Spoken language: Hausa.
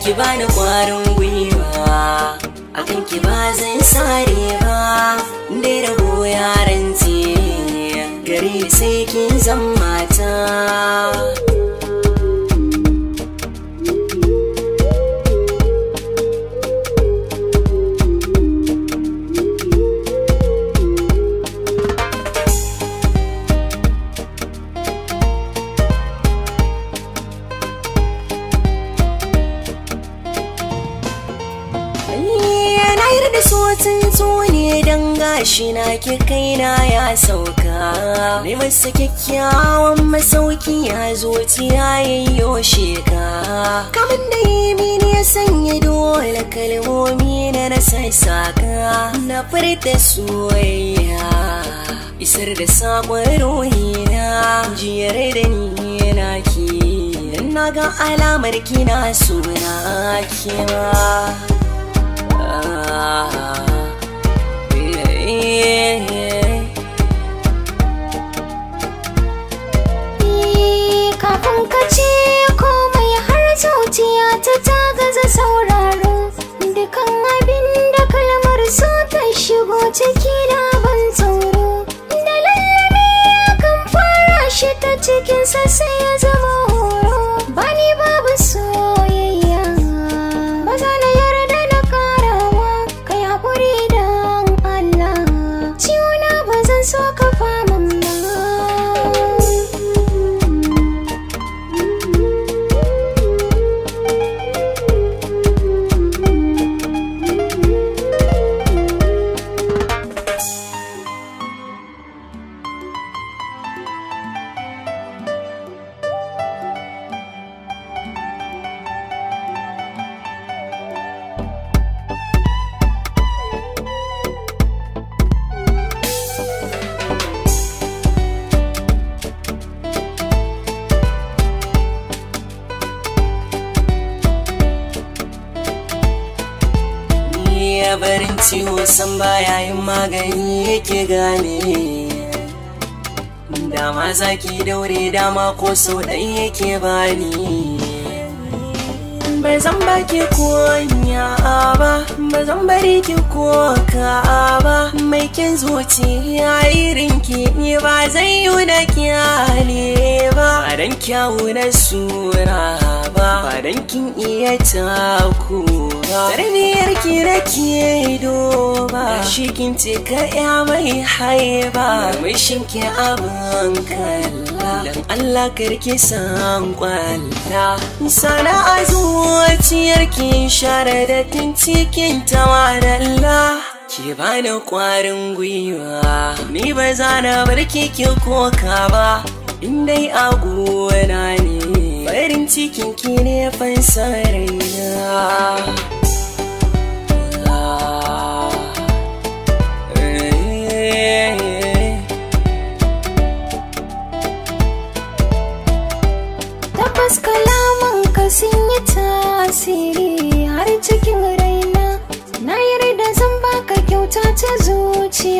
ki bani kwarin gwiwa akan ki ba zan sare ba dai rabo yaran ce gari sai kin zan mata so tsuntsu ne dan gashi na ke kaina ya sauka mai masa kyakkyawan masauki ya zuciya yayyo sheka kamar da yi ya sanya dole kalmomi na rasa saka na furta soyayya isar da sabon na. jiyar da ni yana ki na ga alamar kina suna kima ya barin ciwo san ba yin magani yake gane dama zaki daure dama ko sau ɗan yake bani ba zan ki kunya ba ba zan bari ki koka ba mai kin zuciya irin ki ni ba zan yi da kyale ba dan kyawu na sura ba dan kin iya takura tarbiyyar ki da ke doba shi kin ce ka ya mai haiba mai ki abin kalla dan Allah karki san kwalla sana'a zuciyar ki share da cikin tawadalla ki bani kwarin gwiwa ni ba za na bar ki koka ba in dai a gona ne farin cikin ki ne fansa raina tasiri har cikin raina na yarda zan baka kyauta ta zuciya